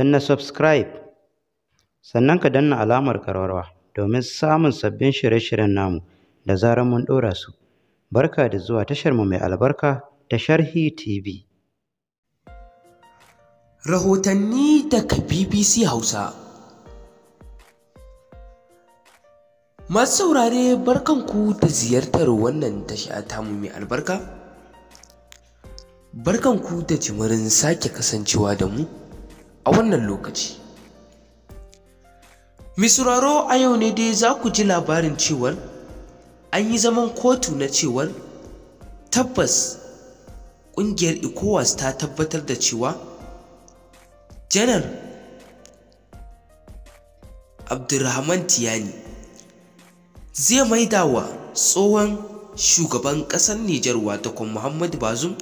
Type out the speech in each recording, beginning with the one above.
na subscribe sannan ka danna alamar karwarwa domin samun sabbin shirye-shiryen namu da zarar mun ɗora su barka da zuwa tashar mu mai albarka ta sharhi tv rahotanni daga bbc hausa masu saurare barkanku da ziyartar wannan tasha tamu mai albarka barkanku da jimirin sake kasancewa da mu a wannan lokaci misuraro a yau ne dai za ku ji labarin cewar an yi zaman kotu na cewar tabbas ƙungiyar ecowas ta tabbatar da cewa janar abdulrahman tiyani zai maida wa tsohon shugaban ƙasar nijar watakon muhammadu bazum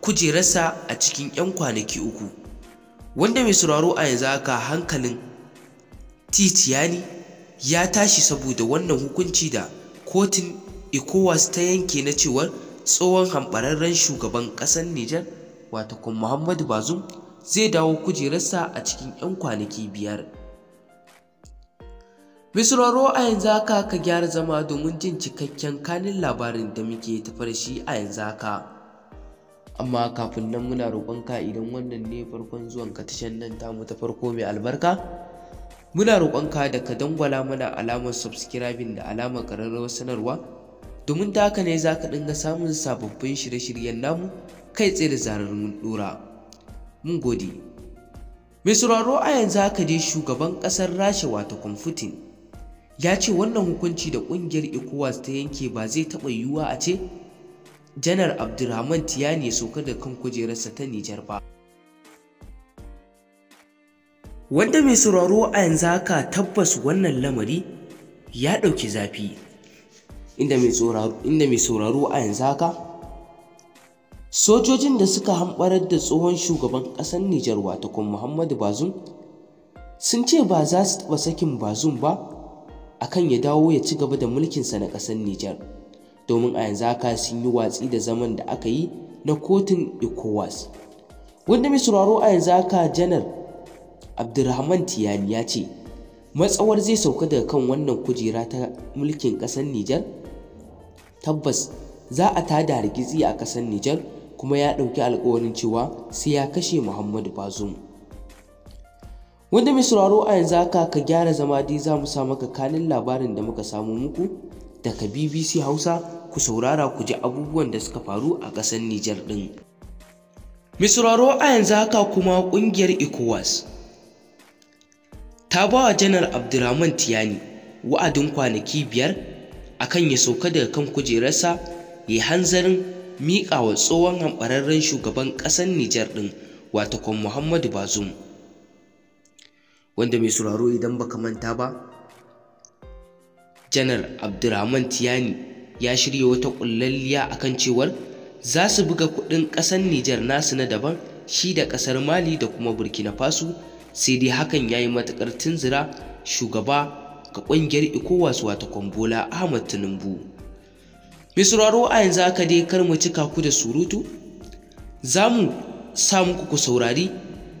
kujerarsa a cikin 'yan kwanaki uku wanda mai sauraro a yanzu haka hankalin titiyani ya tashi saboda wannan hukunci da kotun ecowas ta yanke na cewar tsohon hambararren shugaban ƙasar nijar wata kun muhammadu bazum zai dawo kujerarsa a cikin 'yan kwanaki biyar mai sauraro a yanzu haka ka gyara zama domin jin cikakken kanin labarin da muke tafarshi a yanzu haka amma kafin nan muna roƙonka idan wannan ne farkon zuwan ka tashan nan tamu ta farko mai albarka muna roƙonka da ka dangwala mana alamar subscribing da alamar ƙararrawar sanarwa domin ta haka ne za ka dinga samun sababbin shirye-shiryen namu kai tsaye da zarar mun ɗora mun gode mai sauraro a yanzu haka dai shugaban ƙasar rasha wato kwamfutin ya ce wannan hukunci da ƙungiyar ecowas ta yanke ba zai taɓa yiwuwa a ce janar abdulrahman tiyani soka da kan kujerarsa ta nijar ba wanda mai sauraro a yanzu haka tabbas wannan lamari ya ɗauki zafi inda mai sauraro a yanzu haka sojojin da suka hambarar da tsohon shugaban ƙasar nijar kun muhammadu bazum sun ce ba za su taɓa sakin bazum ba akan ya dawo ya ci gaba da mulkinsa na ƙasar nijar domin a yanzu haka sun yi watsi da zaman da aka yi na kotun ecowas wanda mai sauraro a yanzu haka janar Abdurrahman tiyani ya ce matsawar zai sauka daga kan wannan kujera ta mulkin ƙasar nijar tabbas za a tada rikici a ƙasar nijar kuma ya ɗauki alkawarin cewa sai ya kashe muhammadu bazum wanda mai sauraro a yanzu haka ka gyara zama dai za mu sa maka kanin labarin da muka samu muku daga bbc hausa ku saurara ku ji abubuwan da suka faru a ƙasar Nijar ɗin. Misraro a yanzu haka kuma ƙungiyar ECOWAS ta ba wa Janar Abdurrahman Tiyani wa'adin kwanaki biyar a kan ya sauka daga kan kujerarsa ya yi hanzarin miƙa wa tsohon hamɓararren shugaban ƙasar Nijar ɗin watakon Muhammadu Bazum. Wanda mai sauraro idan baka manta ba, Janar Abdurrahman Tiyani ya shirya wata kullalliya kan cewar za su buga kudin kasar Nijar nasu na daban shi da kasar Mali da kuma Burkina Faso sai dai hakan ya yi matakar tunzura shugaba ga kungiyar ECOWAS wata Kwambola Ahmad Tinubu. Mai a yanzu haka dai kar mu cika ku da surutu za mu sa muku ku saurari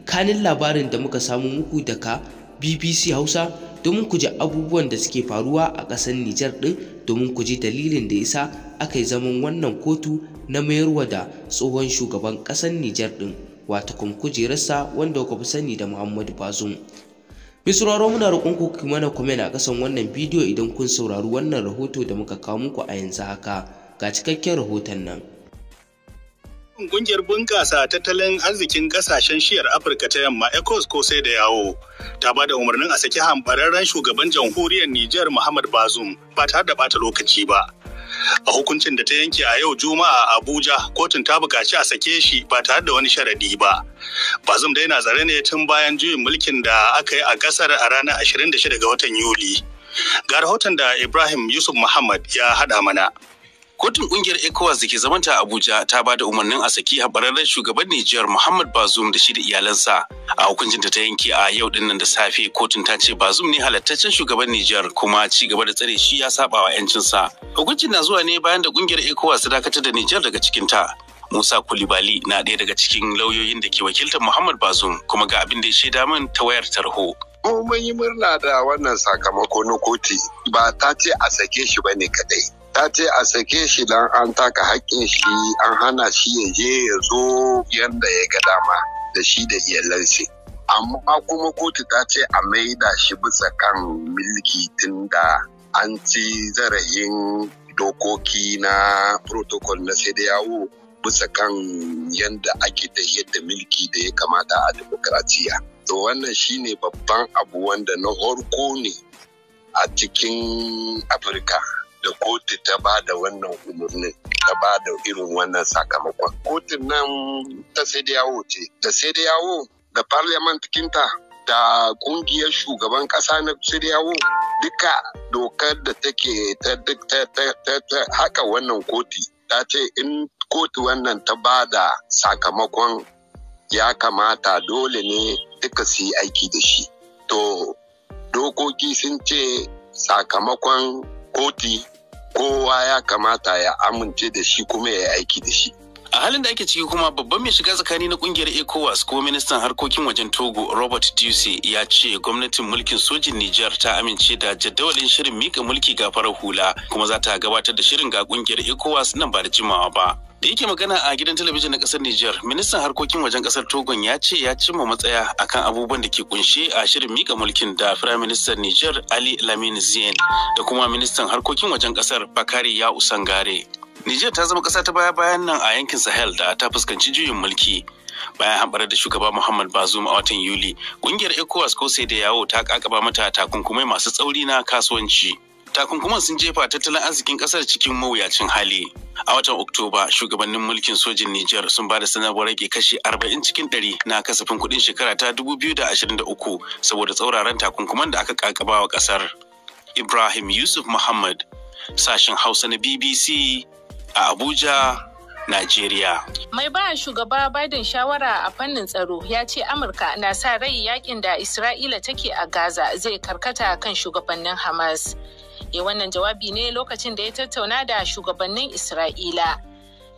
kanin labarin da muka samu muku daga bbc hausa domin ku ji abubuwan da suke faruwa a ƙasar nijar ɗin domin ku ji dalilin da isa aka yi zaman wannan kotu na mayarwa da tsohon shugaban ƙasar nijar ɗin wata kuma kujerarsa wanda ku fi sani da muhammadu bazum mai muna roƙon ku ki mana comment a ƙasan wannan bidiyo idan kun saurari wannan rahoto da muka kawo muku a yanzu haka ga cikakken rahoton nan Ƙungiyar bunƙasa tattalin arzikin ƙasashen shiyar Afirka ta yamma ECOWAS ko sai da yawo ta bada umarnin a saki hambararren shugaban jamhuriyar Nijar Muhammad Bazum. ba tare da bata lokaci ba. A hukuncin da ta yanke a yau Juma'a a Abuja, kotun ta buƙaci a sake shi ba tare da wani sharadi ba. Bazum dai na tsare ne tun bayan juyin mulkin da aka yi a ƙasar a ranar 26 ga watan Yuli. Ga rahoton da Ibrahim Yusuf Muhammad ya haɗa mana. Kotun kungiyar ECOWAS da ke zamanta Abuja ta ba da umarnin a saki habararren shugaban Nijiyar Muhammad Bazoum da shi da iyalansa. A hukuncin ta yanke a yau dinnan da safe kotun ta ce Bazoum ne halattaccen shugaban Nijiyar kuma ci gaba da tsare shi ya saba wa yancinsa. Hukuncin na zuwa ne bayan da kungiyar ECOWAS ta dakatar da Nijiyar daga cikin ta. Musa Kulibali na ɗaya daga cikin lauyoyin da ke wakiltar Muhammad Bazoum kuma ga abin da ya shaida min ta wayar tarho. mun yi murna da wannan sakamako na koti ba ta ce a sake shi ba ne kadai ta ce a sake shi dan an taka hakkin shi an hana shi ya je ya zo yanda ya ga dama da shi da iyalansa amma kuma kotu ta ce a maida shi bisa kan milki tun da an ci zarayin dokoki na protocol na sai da yawo bisa kan yadda ake da yadda milki da ya kamata a demokratiya. To wannan shine babban abu wanda na horko ne a cikin Afirka da kotu ta ba da wannan umarnin ta ba da irin wannan sakamakon. Kotun nan ta sai da yawo ce, da sai da yawo da parliament da kungiyar shugaban kasa na sai da yawo duka dokar da take ta haka wannan kotu ta ce in kotu wannan ta ba da sakamakon ya kamata dole ne duka su yi aiki da shi. To dokoki sun ce sakamakon koti kowa ya kamata ya amince da shi kuma ya aiki da shi. a halin da ake ciki kuma babban mai shiga tsakani na kungiyar ecowas ko ministan harkokin wajen togo robert duse ya ce gwamnatin mulkin sojin nijar ta amince da jadawalin shirin mika mulki ga farar hula kuma za ta gabatar da shirin ga kungiyar ecowas nan ba da jimawa ba Da yake magana a gidan talabijin na kasar Nijar, ministan harkokin wajen kasar Togon ya ce ya cimma matsaya akan abubuwan da ke kunshe a shirin mika mulkin da Firayim Ministan Nijar Ali Lamin Zien da kuma ministan harkokin wajen kasar Bakari ya Usangare. Nijar ta zama kasa ta baya bayan nan a yankin Sahel da ta fuskanci juyin mulki. Bayan haɓar da shugaba Muhammad Bazoum a watan Yuli, ƙungiyar ECOWAS ko sai da yawo ta ƙaƙaba mata takunkumai masu tsauri na kasuwanci. takunkuman sun jefa tattalin arzikin kasar cikin mawuyacin hali a watan oktoba shugabannin mulkin sojin niger sun ba da sanarwar rage kashi arba'in cikin 100 na kasafin kudin shekara ta 2023 saboda tsauraran takunkuman da aka kakaba wa kasar ibrahim yusuf muhammad sashen hausa na bbc a abuja Najeriya. Mai ba shugaba Biden shawara a fannin tsaro ya ce Amurka na sa rai yakin da Isra'ila take a Gaza zai karkata kan shugabannin Hamas. E wannan jawabi ne lokacin da ya tattauna da shugabannin Isra'ila.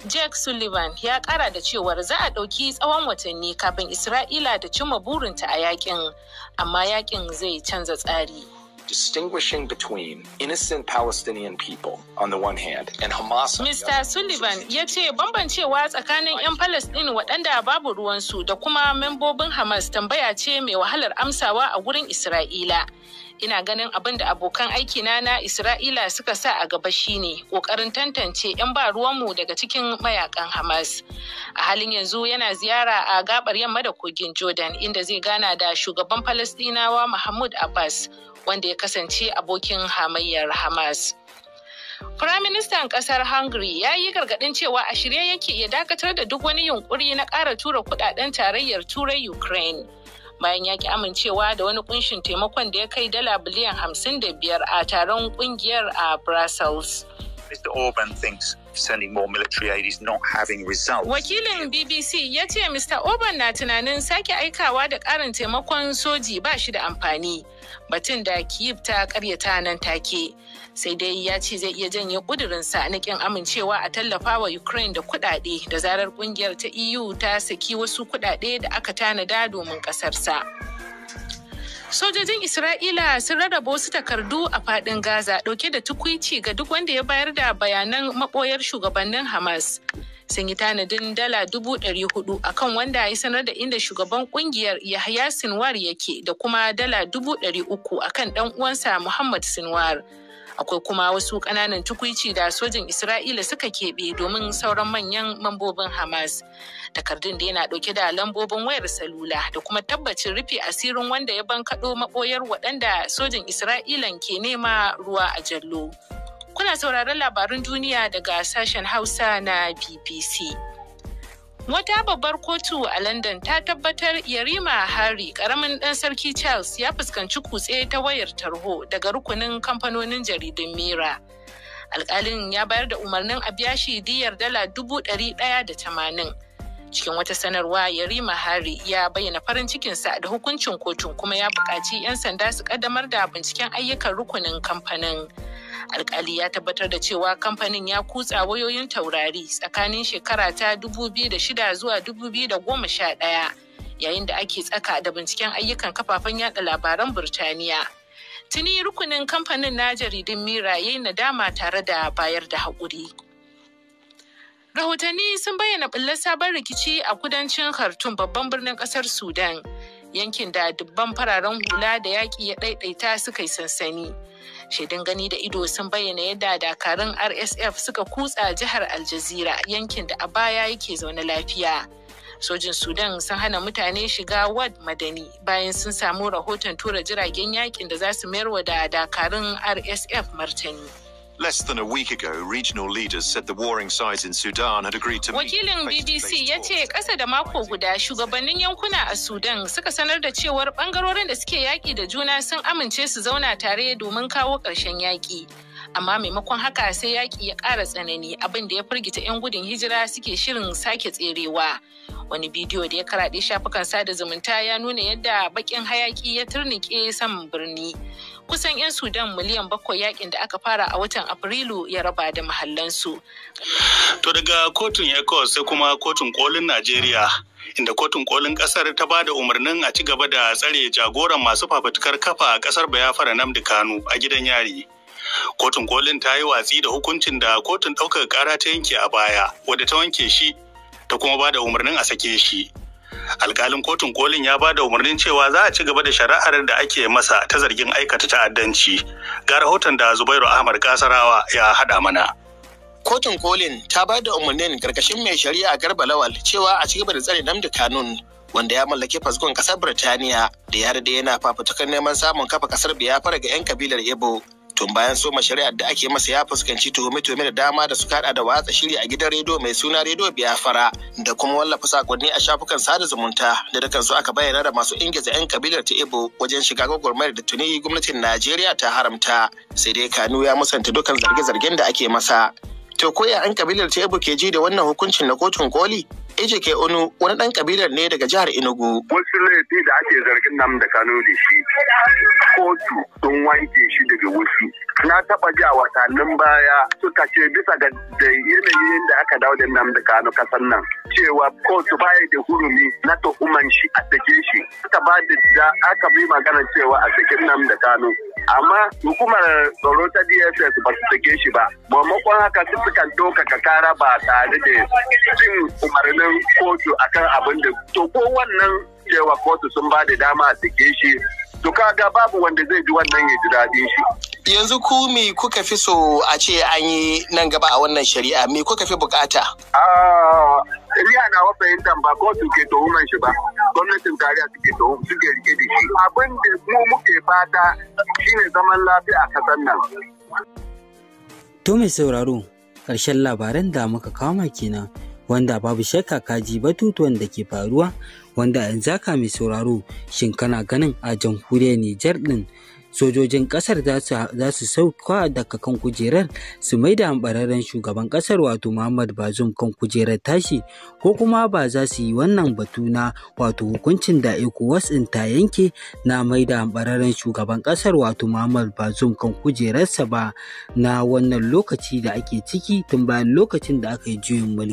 Jake Sullivan ya kara da cewar za a ɗauki tsawon watanni kafin Isra'ila da cimma burinta a yakin, amma yakin zai canza tsari. distinguishing between innocent Palestinian people on the one hand and Hamas. Mr. Sullivan ya ce bambancewa tsakanin 'yan Palestin waɗanda babu ruwansu da kuma membobin Hamas tambaya ce mai wahalar amsawa a wurin Isra'ila. ina ganin abin da abokan aiki na na Isra'ila suka sa a gaba shine ƙoƙarin tantance 'yan ba ruwanmu daga cikin mayakan Hamas. A halin yanzu yana ziyara a gabar yamma da kogin Jordan inda zai gana da shugaban Falastinawa Mahmud Abbas wanda ya kasance abokin hamayyar Hamas. Firaministan ƙasar Hungary ya yi gargaɗin cewa a shirye yake ya dakatar da duk wani yunƙuri na ƙara tura kuɗaɗen tarayyar Turai Ukraine. bayan ya ki amincewa da wani kunshin taimakon da ya kai dala biliyan 55 a taron kungiyar a Brussels. Mr. Orban thinks sending more military aid is not having results. Wakilin BBC ya ce Mr. Orban na tunanin sake aikawa da ƙarin taimakon soji ba shi da amfani. Batun da Kyiv ta karyata nan take. Sai dai ya ce zai iya janye ƙudurinsa na kin amincewa a tallafa wa Ukraine da kuɗaɗe da zarar ƙungiyar ta EU ta saki wasu kuɗaɗe da aka tanada domin ƙasarsa. Sojojin Isra'ila sun rarraba wasu takardu a fadin Gaza dauke da tukwici ga duk wanda ya bayar da bayanan maboyar shugabannin Hamas. Sun yi tanadin dala dubu ɗari hudu a kan wanda ya sanar da inda shugaban kungiyar Yahya Sinwar yake da kuma dala dubu ɗari uku a kan ɗan uwansa Muhammad Sinwar. akwai kuma wasu ƙananan tukuici da sojin isra'ila suka keɓe domin sauran manyan mambobin hamas takardun da yana ɗauke da lambobin wayar salula da kuma tabbacin rufe asirin wanda ya bankaɗo maɓoyar waɗanda sojin isra'ilan ke nema ruwa a jallo kuna sauraron labarun duniya daga sashen hausa na bbc Wata babbar kotu a London ta tabbatar Yarima Hari, karamin ɗan sarki Charles ya fuskanci kutse ta wayar tarho daga rukunin kamfanonin jaridun Mira. Alƙalin ya bayar da umarnin a biya shi diyar dala dubu ɗari ɗaya da tamanin. Cikin wata sanarwa Yarima Hari ya bayyana farin cikinsa da hukuncin kotun kuma ya buƙaci 'yan sanda su ƙaddamar da binciken ayyukan rukunin kamfanin. alkali ya tabbatar da cewa kamfanin ya kutsa wayoyin taurari tsakanin shekara ta 2006 zuwa 2011 yayin da ake tsaka da binciken ayyukan kafafen yada labaran Burtaniya. Tuni rukunin kamfanin na jaridun Mira ya yi nadama tare da bayar da haƙuri. Rahotanni sun bayyana ɓullar sabon rikici a kudancin Khartoum babban birnin ƙasar Sudan, yankin da dubban fararen hula da yaƙi ya ɗaiɗaita suka yi sansani. Shaidun gani da ido sun bayyana yadda dakarun RSF suka kutsa jihar Aljazira yankin da a baya yake zaune lafiya. Sojin Sudan sun hana mutane shiga Wad Madani bayan sun samu rahoton tura jiragen yakin da za su mayar da dakarun RSF martani. Less than a week ago, regional leaders said the warring sides in Sudan had agreed to Wakilin BBC ya ce ƙasa da mako guda shugabannin yankuna a Sudan suka sanar da cewar ɓangarorin da suke yaƙi da juna sun amince su zauna tare domin kawo ƙarshen yaƙi. Amma maimakon haka sai yaƙi ya ƙara tsanani abin da ya firgita 'yan gudun hijira suke shirin sake tserewa. Wani bidiyo da ya karaɗe shafukan sada zumunta ya nuna yadda baƙin hayaƙi ya turnike san birni. kusan 'yan sudan miliyan bakwai yakin da aka fara a watan afrilu ya raba da mahallansu to daga kotun ecos sai kuma kotun kolin najeriya inda kotun kolin kasar ta ba da umarnin a ci gaba da tsare jagoran masu fafutukar kafa a kasar bayafara namdi kanu a gidan yari kotun kolin ta yi watsi da hukuncin da kotun ɗaukar kara ta yanke a baya wadda ta wanke shi ta kuma ba da umarnin a sake shi alkalin kotun kolin ya ba da umarnin cewa za a ci gaba da shari'ar da ake masa ta zargin aikata ta'addanci ga rahoton da zubairu ahmad kasarawa ya haɗa mana kotun kolin ta ba da umarnin karkashin mai shari'a garba lawal cewa a ci gaba da tsare namdi kanun wanda ya mallaki fasgon kasar birtaniya da ya da yana fafutukar neman samun kafa kasar biyafara ga 'yan kabilar Ebo. tun bayan soma shari'ar da ake masa ya fuskanci tuhume-tuhume da dama da suka hada da watsa shiri a gidan rediyo mai suna rediyo biafra da kuma wallafa sakonni a shafukan sada zumunta da dukan su aka bayyana da masu ingiza 'yan kabilar ta ibo wajen shiga gwagwarmayar da tuni gwamnatin najeriya ta haramta sai dai kanu ya musanta dukan zarge-zargen da ake masa to koya 'yan kabilar ta ibo ke ji da wannan hukuncin na kotun koli Ejike Onu wani ɗan kabilar ne daga jihar Enugu. Wasu laifi da ake zargin nan da Kano da shi kotu sun wanke shi daga wasu na taɓa ji a watannin baya suka ce bisa ga yanayin da aka dawo da nan da kano kasan nan cewa kotu baya da hurumi na tuhuman shi a sake shi aka ba da da aka bi magana cewa a cikin nan da kano amma hukumar tsaro ta dss ba su sake shi ba maimakon haka su suka ɗaukaka kara ba tare da jin umarnin kotu akan abin da to ko wannan cewa kotu sun ba da dama a sake shi to kaga babu wanda zai ji wannan ya ji daɗin shi yanzu ku me kuka fi so a ce an yi nan gaba a wannan shari'a me kuka fi bukata? Riya ah, na wa fahimtar ba ko suke tuhuman shi ba, gwamnatin tarayya suke tuhum suke rike da shi. Abin da mu muke fata shine zaman lafiya a kasar nan. To mai sauraro, ƙarshen labaran da muka kama kenan. wanda babu shakka kaji batutuwan da ke faruwa wanda yanzu ka mai sauraro shin kana ganin a jamhuriyar Nijar din sojojin kasar za su sauka daga kan kujerar su mai da ambararren shugaban kasar wato muhammad bazum kan kujerar tashi ko kuma ba za su yi wannan batu na wato hukuncin da ecowas in ta yanke na mai da ambararren shugaban kasar wato muhammad bazum kan kujerarsa ba na wannan lokaci da ake ciki tun bayan lokacin da aka yi juyin mulki